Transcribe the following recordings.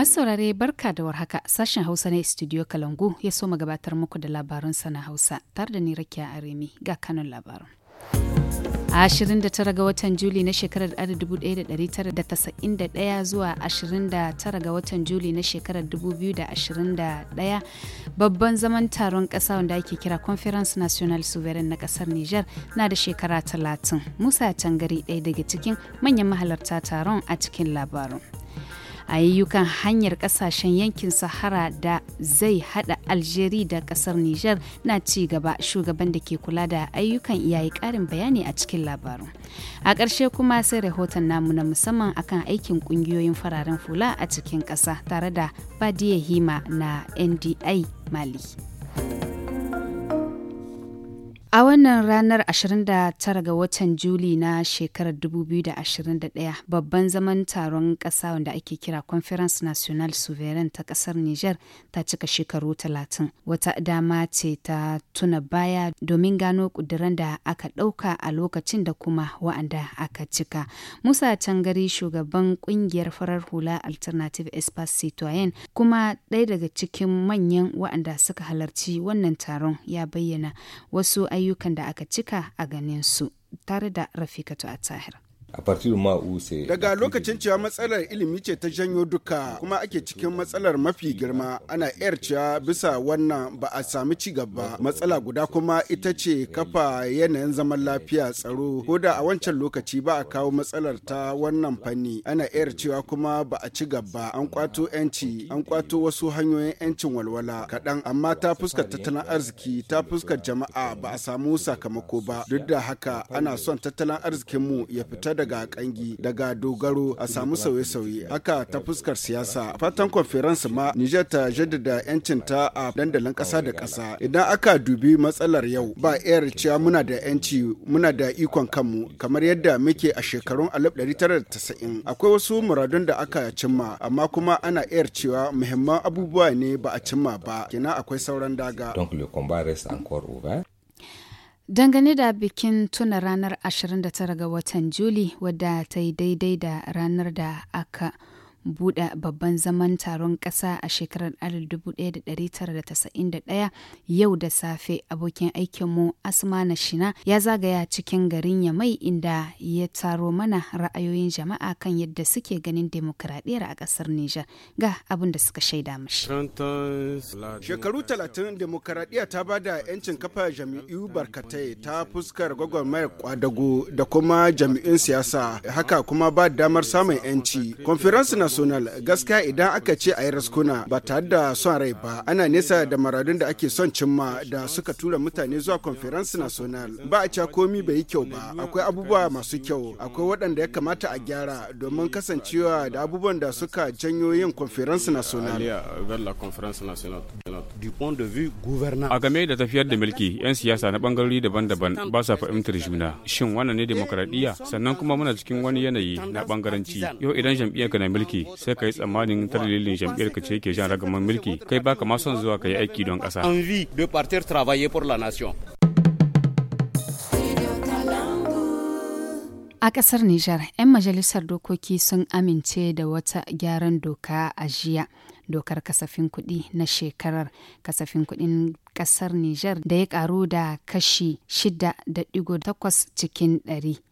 Masu saurare barka da warhaka sashen Hausa na Studio Kalangu ya so gabatar muku da labarun sana Hausa tare da ni Rakiya Aremi ga kanun labarun. A 29 ga watan Juli na shekarar 1991 zuwa 29 ga watan Juli na shekarar 2021 babban zaman taron ƙasa wanda ake kira Conference National Sovereign na ƙasar Nijar na da shekara 30. Musa Tangari ɗaya daga cikin manyan mahalarta taron a cikin labarun. a yayyukan hanyar kasashen yankin sahara da zai hada algeria da kasar niger na ci gaba shugaban da ke kula da ayyukan iyayi karin bayani a cikin labarin a ƙarshe kuma sai rahoton namu na musamman akan aikin ƙungiyoyin fararen fula a cikin ƙasa tare da badiyahima na ndi mali A wannan ranar 29 ga watan Juli na shekarar 2021 babban zaman taron ƙasa wanda ake kira Conference National Sovereign ta ƙasar Niger ta cika shekaru 30. Wata dama ce ta tuna baya domin gano ƙuduran da aka ɗauka a lokacin da kuma wa'anda aka cika. Musa gari shugaban ƙungiyar farar hula Alternative Espace Citoyen kuma ɗaya daga cikin manyan wa'anda suka halarci wannan taron ya bayyana wasu ayyukan da aka cika a ganin su tare da Rafikatu a Tahir. Daga lokacin cewa matsalar ilimi ce ta janyo duka kuma ake cikin matsalar mafi girma ana yar cewa bisa wannan ba a sami ci gaba. Matsala guda kuma ita ce kafa yanayin zaman lafiya tsaro ko da a wancan lokaci ba a kawo matsalar ta wannan fanni ana yar cewa kuma ba a ci gaba an kwato yanci an kwato wasu hanyoyin yancin walwala kaɗan amma ta fuskar tattalin arziki ta fuskar jama'a ba a samu sakamako ba duk da haka ana son tattalin arzikinmu ya fita daga kangi daga dogaro a samu sauye-sauye haka ta fuskar siyasa fatan conference ma Nijar ta jaddada yancin ta a dandalin kasa da kasa idan aka dubi matsalar yau ba yar cewa muna da yanci muna da ikon kanmu kamar yadda muke a shekarun 1990 akwai wasu muradun da aka cimma amma kuma ana iyar cewa muhimman abubuwa ne ba a cimma ba kina akwai sauran daga Donc le Dangane da bikin tuna ranar 29 ga watan Juli wadda ta yi daidai da ranar da aka buɗe babban zaman taron ƙasa a shekarar 1991 yau da safe abokin aikinmu asma na shina ya zagaya cikin garin ya mai inda ya taro mana ra'ayoyin jama'a kan yadda suke ganin demokuraɗiyar a ƙasar Nijar ga abin da suka shaida mashi. Shekaru talatin demokuraɗiyya ta ba da 'yancin kafa jami'u barkatai ta fuskar gwagwarmayar kwadago da kuma jami'in siyasa haka kuma ba damar samun 'yanci. Konferansi na gaskiya idan aka ce a yi raskuna ba tare da son rai ba ana nesa da maradun da ake son cimma da suka tura mutane zuwa conference national ba a ca komi bai yi kyau ba akwai abubuwa masu kyau akwai waɗanda ya kamata a gyara domin kasancewa da abubuwan da suka janyo yin conference national a game da tafiyar da mulki 'yan siyasa na bangarori daban-daban ba sa fahimtar juna shin wannan ne demokradiyya sannan kuma muna cikin wani yanayi na bangaranci yau idan jam'iyyarka na mulki sai ka yi tsammanin ta dalilin jam'iyyar ka ce ke jan ragaman mulki kai baka ma son zuwa ka yi aiki don ƙasa. de nation. A ƙasar Nijar, 'yan majalisar dokoki sun amince da wata gyaran doka a jiya dokar kasafin kuɗi na shekarar kasafin kuɗin ƙasar Nijar da ya ƙaru da kashi 6.8 cikin ɗari.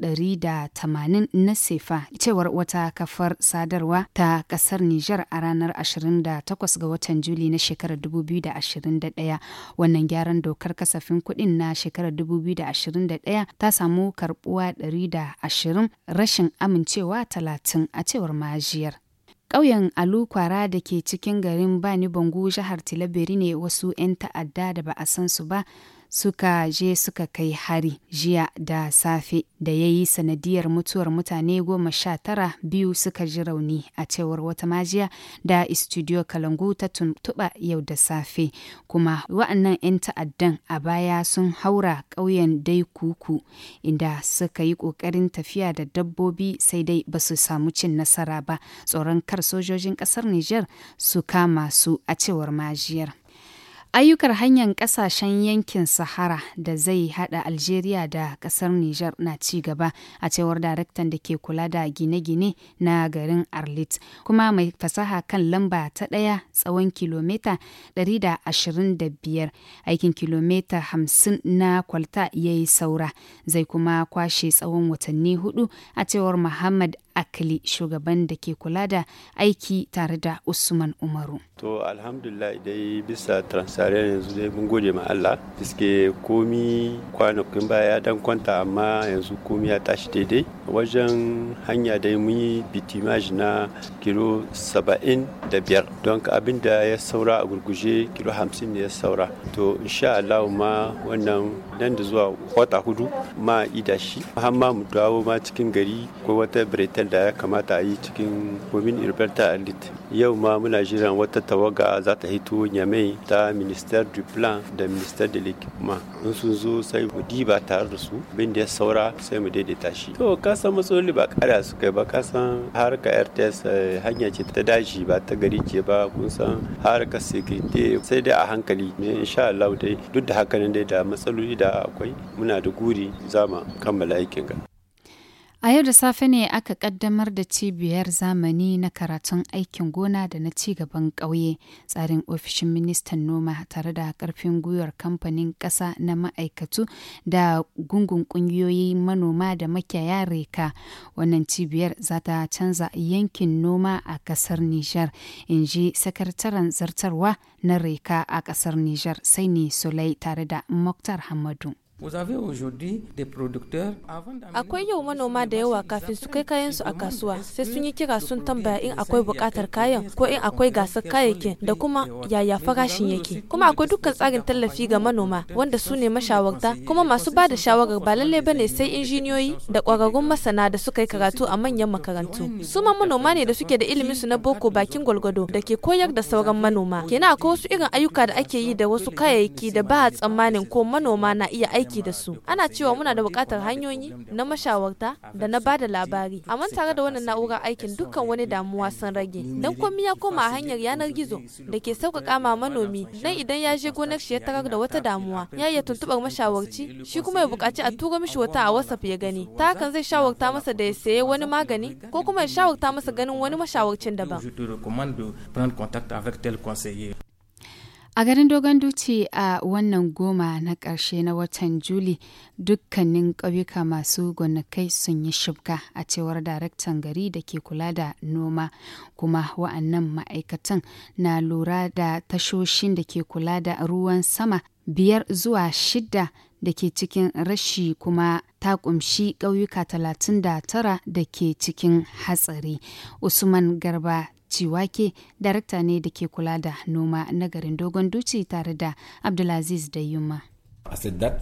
180 na sefa cewar wata kafar sadarwa ta kasar Nijar a ranar 28 ga watan Juli na shekarar 2021 wannan gyaran dokar kasafin kuɗin na shekarar 2021 ta samu karbuwa 120 rashin amincewa 30 a cewar majiyar. Ƙauyen Alukwara da ke cikin garin Bani Bangu jihar Tilaberi ne wasu 'yan ta'adda da ba a san su ba suka je suka kai hari jiya da safe da ya yi sanadiyar mutuwar mutane goma sha tara biyu suka ji rauni a cewar wata majiya da istudiyo kalangu ta tuntuɓa yau da safe kuma wa'annan 'yan ta'addan a baya sun haura ƙauyen dai kuku inda suka yi ƙoƙarin tafiya da dabbobi sai dai ba su samu cin nasara ba tsoron kar sojojin ƙasar nijar su kama su a cewar majiyar ayyukar hanyar kasashen yankin sahara da zai hada algeria da kasar niger na ci gaba a cewar daraktan da ke kula da gine-gine na garin arlit kuma mai fasaha kan lamba ta daya tsawon kilomita 125 aikin kilomita 50 na kwalta ya yi saura zai kuma kwashe tsawon watanni hudu a cewar muhammad akali shugaban da ke kula da aiki tare da usman umaru to alhamdulillah dai bisa transariyar yanzu dai mun gode ma Allah fiske komi kwanakin baya dan kwanta amma yanzu komi ya tashi daidai wajen hanya da mun yi bitimaji na kilo 75 don abin da ya saura a gurguje kilo 50 ne ya saura to insha Allah ma wannan nan da zuwa wata hudu ma ida shi har ma mu dawo ma cikin gari ko wata bretel da ya kamata a yi cikin komin irberta alit yau ma muna jiran wata tawaga za ta hito nyamai ta minister du plan da minister de l'équipement in sun zo sai mu diba tare da su abin da ya saura sai mu daidaita shi to kasan matsaloli ba kara su kai ba kasan harka rts eh, hanya ce ta dashi ba ta gari ce ba kun san harka sai dai a hankali ne insha Allah dai duk da haka dai da matsaloli da akwai muna da guri zama kammala aikin ga A yau da safe ne aka ƙaddamar da cibiyar zamani na karatun aikin gona da na ci gaban ƙauye tsarin ofishin ministan noma tare da ƙarfin gwiwar kamfanin ƙasa na ma'aikatu da gungun ƙungiyoyi manoma da makiyaya reka. Wannan cibiyar za ta canza yankin noma a ƙasar Nijar, in ji sakataren zartarwa na reka a ƙasar Nijar, Saini Sulai tare da Moktar Hamadu. Akwai yau manoma da yawa kafin su kai kayansu a kasuwa sai sun yi kira sun tambaya in akwai bukatar kayan ko in akwai gasar kayayyakin da kuma yaya farashin yake. Kuma akwai dukkan tsarin tallafi ga manoma wanda su ne mashawarta kuma masu ba da shawarar ba lallai bane sai injiniyoyi da kwararrun masana da suka yi karatu a manyan makarantu. Su ma manoma ne da suke da ilimin su na boko bakin gwalgwado da ke koyar da sauran manoma. Kenan akwai wasu irin ayyuka da ake yi da wasu kayayyaki da ba a tsammanin ko manoma na iya aiki aiki da su ana cewa muna da bukatar hanyoyi na mashawarta da na bada labari amma tare da wannan na'urar aikin dukkan wani damuwa sun rage dan komai ya koma a hanyar yanar gizo da ke sauƙaƙa ma manomi dan idan ya je gonar shi ya tarar da wata damuwa ya iya tuntubar mashawarci shi kuma ya bukaci a tura mishi wata a WhatsApp ya gani ta hakan zai shawarta masa da ya saye wani magani ko kuma ya shawarta masa ganin wani mashawarcin daban. A garin Dogon Duci a wannan goma na ƙarshe na watan Juli dukkanin ƙauyuka masu gonakai sun yi shibka a cewar daraktan gari da ke kula da noma kuma wa'annan ma'aikatan na lura da tashoshin da ke kula da ruwan sama biyar zuwa shidda da ke cikin rashi kuma ta kumshi ƙauyuka 39 da ke cikin hatsari. Usman Garba Ciwake darakta ne da ke kula da noma na garin Dogon Duci tare da Abdulaziz da Yuma.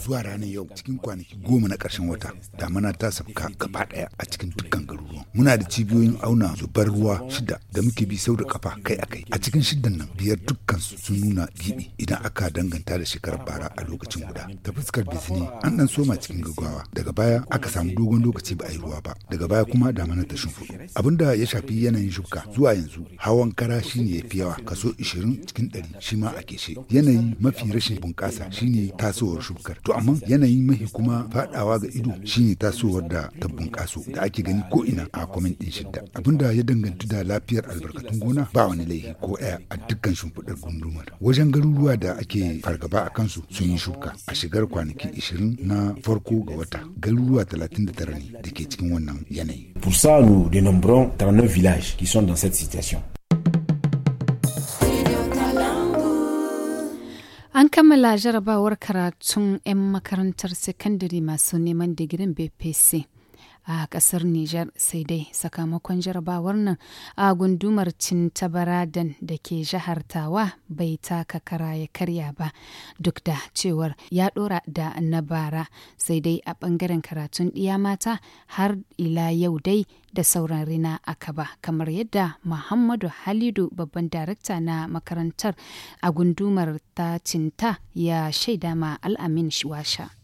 zuwa ranar yau cikin kwanaki goma na ƙarshen wata damana ta sabka gaba ɗaya a cikin dukkan garuruwan muna da cibiyoyin auna zubar ruwa shida da muke bi sau da kafa kai a kai a cikin shiddan nan biyar dukkan sun nuna bibi idan aka danganta da shekarar bara a lokacin guda ta fuskar bisini an dan soma cikin gaggawa daga baya aka samu dogon lokaci ba a yi ruwa ba daga baya kuma damana ta shimfiɗu da ya shafi yanayin shuka zuwa yanzu hawan kara shine ya fi yawa kaso 20 cikin 100 shi ma a keshe yanayi mafi rashin bunƙasa shine tasowar shukar to amma yanayin mahi kuma fadawa ga ido shine tasowar da ta bunƙaso da ake gani ko ina a kwamin din shidda abinda ya danganta da lafiyar albarkatun gona ba wani laifi ko ɗaya a dukkan shimfiɗar gundumar wajen garuruwa da ake fargaba a kansu sun yi shuka a shigar kwanaki 20 na farko ga wata garuruwa 39 ne da ke cikin wannan yanayi. Pour ça, nous dénombrons 39 villages qui sont dans cette situation. kammala jarabawar karatun 'yan makarantar sakandare masu neman digirin BPC. a kasar Nijar sai dai sakamakon jarabawar nan a gundumar Cintabaradan da ke jihar Tawa bai taka kara ya karya ba duk da cewar ya dora da na bara sai dai a bangaren karatun ɗiya mata har ila yau dai da sauran rina aka ba kamar yadda Muhammadu Halidu babban darakta na makarantar a gundumar ta cinta ya shaida ma al'amin shiwasha.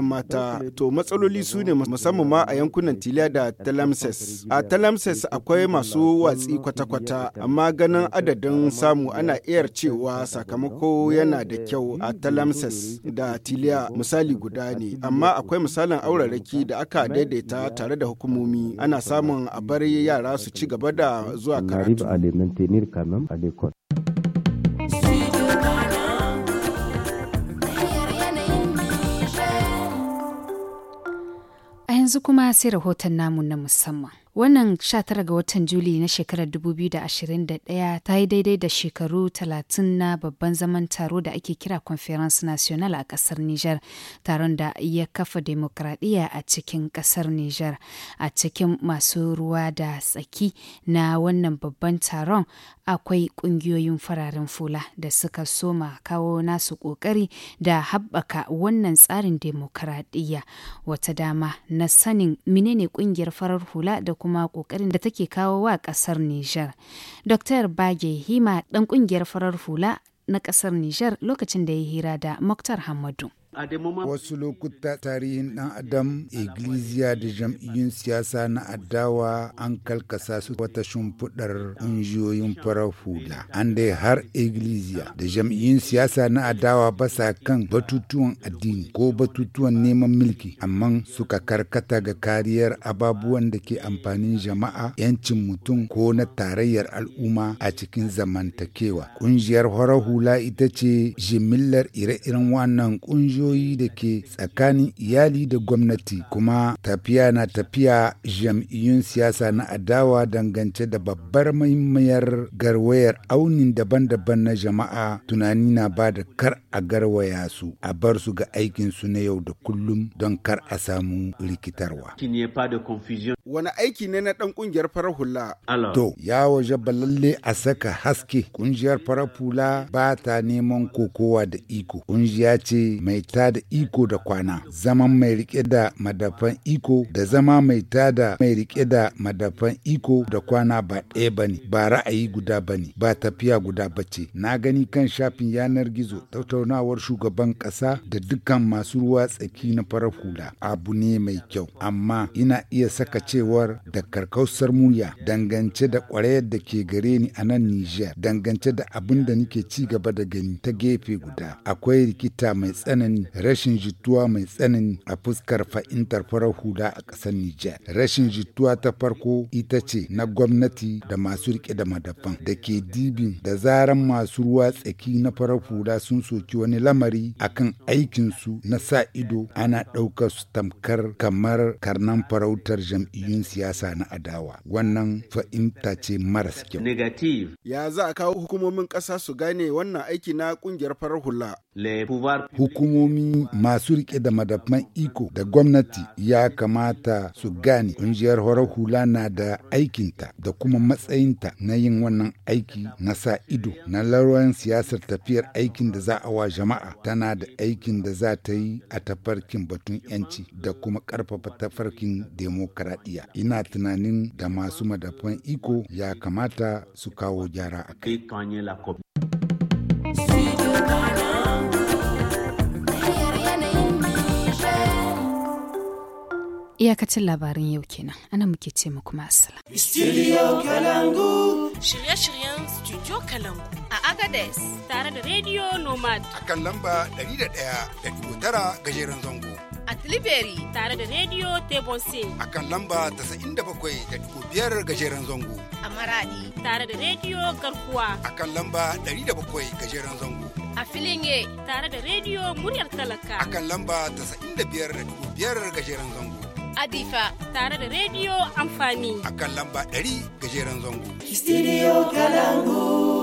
'yan mata to matsaloli su ne musamman ma a yankunan tiliya da talamses a talamses akwai masu watsi kwata-kwata amma ganin adadin samu ana iya cewa sakamako yana da kyau a talamses da tiliya misali guda ne amma akwai misalin auraraki da aka daidaita tare da hukumomi ana samun a bar yara su ci gaba da zuwa karatu yanzu kuma sai rahoton namu na musamman. Wannan 19 ga watan Juli na shekarar 2021 ta yi daidai da shekaru 30 na babban zaman taro da ake kira Conference National a ƙasar Nijar, taron da ya kafa demokradiyya a cikin ƙasar Nijar. A cikin masu ruwa da tsaki na wannan babban taron akwai ƙungiyoyin fararen fula da suka soma kawo nasu ƙoƙari da haɓaka wannan tsarin demokradiyya. Wata dama na sanin menene ƙungiyar farar hula da kuma ƙoƙarin da take kawo wa ƙasar Nijar. Dr. Bage Hima ɗan ƙungiyar farar hula na ƙasar Nijar lokacin da ya hira da Muktar Hamadu. Wasu lokuta tarihin ɗan Adam, Iglesia da jam'iyyun siyasa na adawa an kalkasa su wata shimfiɗar ƙungiyoyin farar hula. An dai har Iglesia da jam'iyyun siyasa na adawa ba sa kan batutuwan addini ko batutuwan neman mulki, amma suka karkata ga kariyar ababuwan da ke amfanin jama'a, 'yancin mutum ko na tarayyar al'umma a cikin zamantakewa. Ƙungiyar farar hula ita ce jimillar ire-iren wannan ƙungiyoyi rijiyoyi da ke tsakanin iyali da gwamnati kuma tafiya na tafiya jam'iyyun siyasa na adawa dangance da babbar mahimmiyar garwayar aunin daban-daban na jama'a tunani na ba da kar a garwaya su a bar su ga aikinsu na yau da kullum don kar a samu rikitarwa. Wani aiki ne na ɗan ƙungiyar farar hula? To, ya waje balalle a saka haske ƙungiyar farar hula ba ta neman kokowa da iko. kungiya ce mai Ta da iko da kwana Zama mai rike da madafan iko da zama mai ta da. mai rike da madafan iko da kwana ba ɗaya ne ba ra'ayi guda bane ba tafiya guda bace na gani kan shafin yanar gizo tattaunawar shugaban ƙasa da dukkan masu ruwa tsaki na farar hula abu ne mai kyau amma ina iya saka cewar da karkausar murya dangance da ƙwarayar da ke gare ni a nan Nijar dangance da abin da nake ci gaba da gani ta gefe guda akwai rikita mai tsanani rashin jituwa mai tsanani a fuskar fa'intar farar huda a ƙasar Nijar. Rashin jituwa ta farko ita ce na gwamnati da masu riƙe da madafan da ke dibin da zaran masu ruwa tsaki na farar huda sun soki wani lamari akan aikinsu na sa ido ana ɗaukar su tamkar kamar karnan farautar jam'iyyun siyasa na adawa. Wannan fa'imta ce maras kyau. Ya za a kawo hukumomin ƙasa su gane wannan aiki na ƙungiyar farar hula. Hukumomi masu rike da madafman iko da gwamnati ya kamata su gane kungiyar horar hula na da aikinta da kuma matsayinta na yin wannan aiki na sa ido na laruwan siyasar tafiyar aikin da za a wa jama'a tana da aikin da za ta yi a tafarkin batun yanci da kuma ƙarfafa tafarkin demokaradiyya. Ina tunanin da masu madafman iko ya kamata su kawo gyara a kai. Iyakacin labarin yau kenan, ana muke ce muku masala. Studio Kalangu. Shirye-shiryen Studio Kalangu a Agades tare da Radio Nomad. A kan lamba 101.9 gajeren zango. A Tilibiri tare da Radio Tebonsin. A kan lamba 97.5 gajeren zango. A Maradi tare da Radio Garkuwa. A kan lamba 107 gajeren zango. a filinge. tare da rediyo muryar talaka a kan lamba 95.5 gajeren zango Adifa tare da rediyo amfani. A kan lamba 100 gajeren zango. Studio Kalangu.